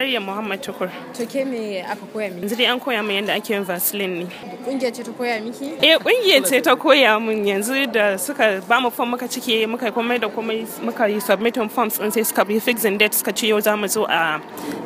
Maryam Muhammad Tukur. To ke me aka koya miki? Yanzu dai an koya min yadda ake yin Vaseline ne. kungiyar ce ta koya miki? Eh kungiyar ce ta koya min yanzu da suka ba mu form muka cike muka komai da komai muka yi submitting forms din sai suka bi fixing date suka ce yau za mu zo a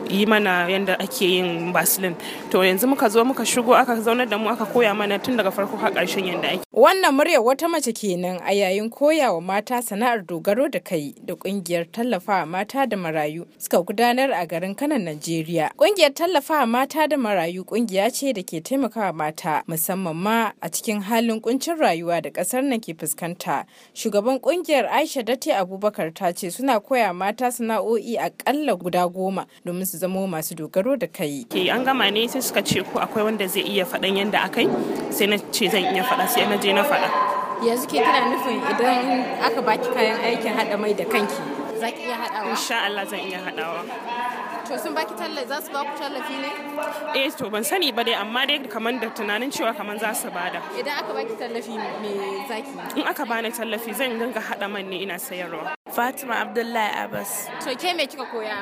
yi mana yadda ake yin Vaseline. To yanzu muka zo muka shigo aka zaunar da mu aka koya mana tun daga farko har karshen yadda ake. Wannan muryar wata mace kenan a yayin koya wa mata sana'ar dogaro da kai da kungiyar tallafawa mata da marayu suka gudanar a garin Kanan Najeriya. Kungiyar tallafawa mata da marayu kungiya ce da ke taimakawa mata musamman ma a cikin halin kuncin rayuwa da kasar nan ke fuskanta. Shugaban kungiyar Aisha Date Abubakar ta ce suna koya mata sana'o'i akalla guda goma domin su zamo masu dogaro da kai. Ke an gama ne sai suka ce ko akwai wanda zai iya faɗan yanda akai sai na ce zan iya faɗa sai na je na faɗa. yanzu ke kina nufin idan aka baki kayan aikin haɗa mai da kanki za ki iya hadawa insha Allah zan iya hadawa To sun baki tallafi za su ba ku tallafi ne? Eh to ban sani ba dai amma dai kamar da tunanin cewa kamar za su bada. Idan aka baki tallafi me zaki? In aka bani tallafi zan ganga hada man ne ina sayarwa. Fatima Abdullahi Abbas. To ke me kika koya?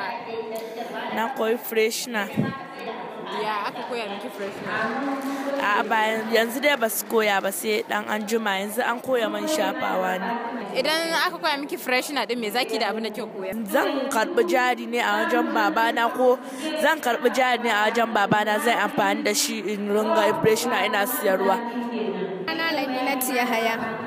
Na koyi freshna. ya aka koya miki a bayan yanzu dai ba su koya ba sai dan anjima yanzu an koya man shafawa ne idan aka koya miki fresh na din me zaki da abin da ke koya zan karbi jari ne a wajen babana ko zan karbi jari ne a wajen babana zai amfani da shi in ringa na ina siyarwa ana na tiya haya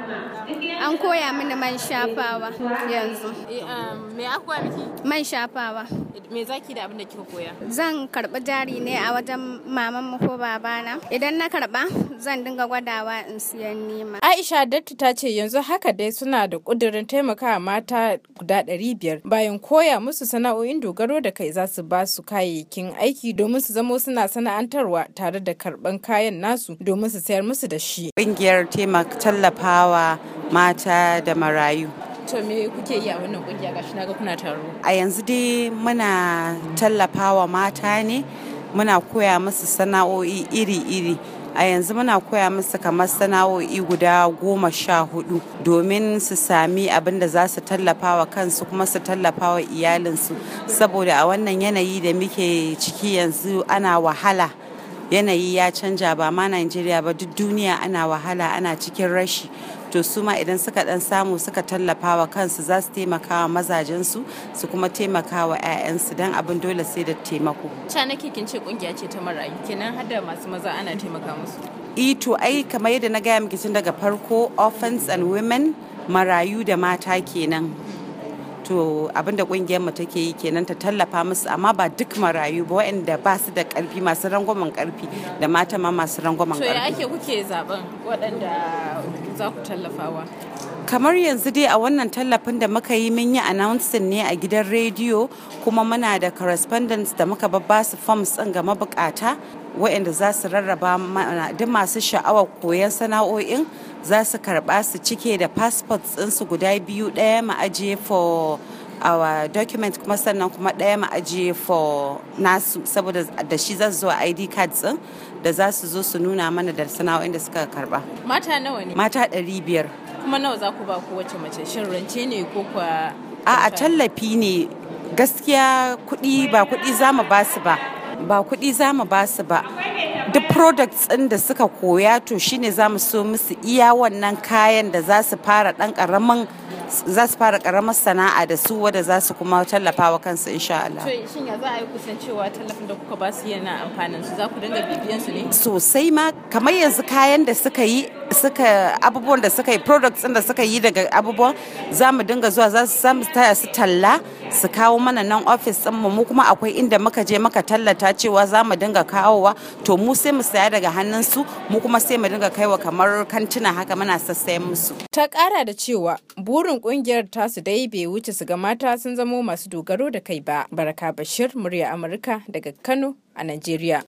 An koya mini man shafawa yanzu. Eh, um, me akwai miki? Man shafawa. Me zaki da abin da kika koya? Zan karɓi jari ne a wajen maman mu ko babana. Idan na karɓa zan dinga gwadawa in siyan nima. Aisha datti ta ce yanzu haka dai suna da ƙudurin taimakawa mata guda ɗari biyar bayan koya musu sana'o'in dogaro da kai za su ba su kayayyakin aiki domin su zamo suna sana'antarwa tare da karɓan kayan nasu domin su sayar musu da shi. Ƙungiyar taimaka tallafawa mata da marayu to me kuke yi a wannan kungiya gashi naga kuna taro a yanzu dai muna tallafawa mata ne muna koya musu sana'o'i iri-iri a yanzu muna koya musu kamar sana'o'i guda goma sha hudu domin su sami abin da za su tallafa kansu kuma su tallafawa iyalinsu saboda a wannan yanayi da muke ciki yanzu ana wahala yanayi ya canja ba ma Najeriya ba duk duniya ana wahala ana cikin rashi to su ma idan suka dan samu suka tallafa wa kansu za su taimaka wa mazajensu su kuma taimaka wa 'ya'yansu don abin dole sai da taimako. Canaki kin ce kungiya ce ta marayu kenan har da masu maza ana taimaka musu. e to ai kamar yadda na gaya miki tun daga farko orphans and women marayu da mata kenan to abinda kungiyar mu take yi kenan ta tallafa musu amma ba duk marayu ba waɗanda ba su da karfi masu rangwamen karfi da mata ma masu rangwamen karfi to ya ake kuke zaben waɗanda za ku tallafawa kamar yanzu dai a wannan tallafin da muka yi mun yi announcing ne a gidan rediyo kuma muna da correspondence da muka babba su forms ɗin ga mabukata waɗanda za su rarraba mana duk masu sha'awar koyon sana'o'in za su karɓa su cike da passports ɗinsu guda biyu ɗaya ma'ajiye for our document kuma sannan kuma ɗaya ma'ajiye for nasu saboda da shi za su zo id cards ɗin da za su zo su nuna mana da sana'o'in da suka karɓa mata nawa ne mata ɗari biyar kuma nawa za ku ba kowace mace shin rance ne ko kwa a tallafi ne gaskiya kuɗi ba kuɗi za mu ba su ba ba kuɗi za mu ba su ba duk products ɗin da suka koya to shine za mu so musu iya wannan kayan da za su fara ɗan ƙaramin za su fara karamar sana'a da su wadda za su kuma tallafa wa kansu insha Allah. Shin ya za a yi kusancewa tallafin da kuka ba su yana amfanin su za ku dinga bibiyan su ne? Sosai ma kamar yanzu kayan da suka yi suka abubuwan da suka yi products da suka yi daga abubuwan za mu dinga zuwa za su samu taya su talla su kawo mana nan ofis din mu kuma akwai inda muka je muka tallata cewa za mu dinga kawowa to mu sai mu saya daga hannun su mu kuma sai mu dinga kaiwa kamar kantina haka muna sassayen musu. Ta kara da cewa burin Burin kungiyar tasu dai bai wuce su ga mata sun zamo masu dogaro da kai ba. Baraka Bashir, murya Amurka daga Kano a Najeriya.